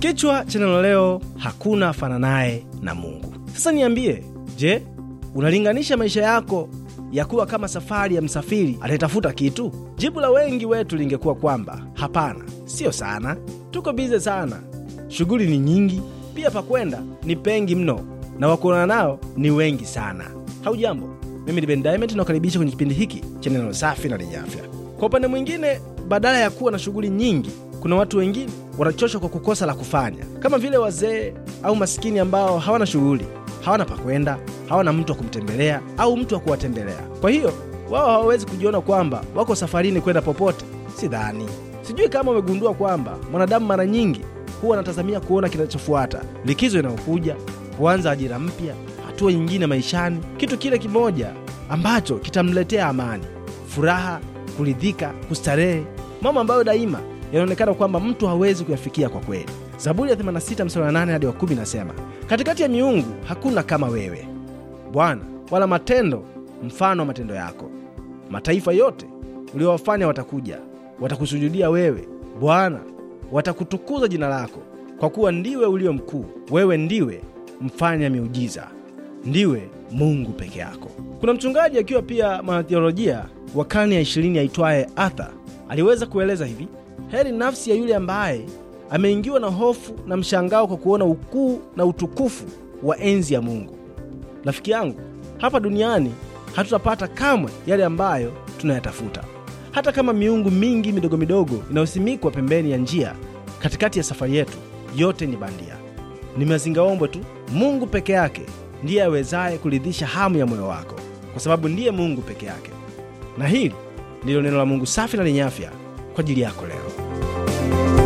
Kichwa cha neno leo, hakuna fananaye na Mungu. Sasa niambie, je, unalinganisha maisha yako ya kuwa kama safari ya msafiri anayetafuta kitu? Jibu la wengi wetu lingekuwa kwamba hapana, siyo sana, tuko bize sana, shughuli ni nyingi, pia pakwenda ni pengi mno, na wakuonana nao ni wengi sana. Haujambo, mimi ni Ben Diamond, kwenye kipindi hiki cha neno safi na lenye afya. Kwa upande mwingine, badala ya kuwa na shughuli nyingi kuna watu wengine wanachoshwa kwa kukosa la kufanya, kama vile wazee au masikini ambao hawana shughuli, hawana pa kwenda, hawana mtu wa kumtembelea au mtu wa kuwatembelea. Kwa hiyo wao hawawezi kujiona kwamba wako safarini kwenda popote. Sidhani, sijui kama wamegundua kwamba mwanadamu mara nyingi huwa anatazamia kuona kinachofuata, likizo inayokuja, kuanza ajira mpya, hatua nyingine maishani, kitu kile kimoja ambacho kitamletea amani, furaha, kuridhika, kustarehe, mambo ambayo daima yanaonekana kwamba mtu hawezi kuyafikia kwa kweli. Zaburi ya 86 mstari wa 8 hadi wa 10 nasema, katikati ya miungu hakuna kama wewe Bwana, wala matendo mfano wa matendo yako. Mataifa yote uliowafanya watakuja, watakusujudia wewe Bwana, watakutukuza jina lako, kwa kuwa ndiwe ulio mkuu, wewe ndiwe mfanya miujiza, ndiwe Mungu peke yako. Kuna mchungaji akiwa pia mwanatheolojia wa karne ya ishirini aitwaye Arthur aliweza kueleza hivi: Heri nafsi ya yule ambaye ameingiwa na hofu na mshangao kwa kuona ukuu na utukufu wa enzi ya Mungu. Rafiki yangu, hapa duniani hatutapata kamwe yale ambayo tunayatafuta, hata kama miungu mingi midogo midogo inayosimikwa pembeni ya njia katikati ya safari yetu. Yote ni bandia, ni mazingaombwe tu. Mungu peke yake ndiye awezaye kuridhisha hamu ya moyo wako, kwa sababu ndiye Mungu peke yake. Na hili ndilo neno la Mungu safi na lenye afya kwa ajili yako leo.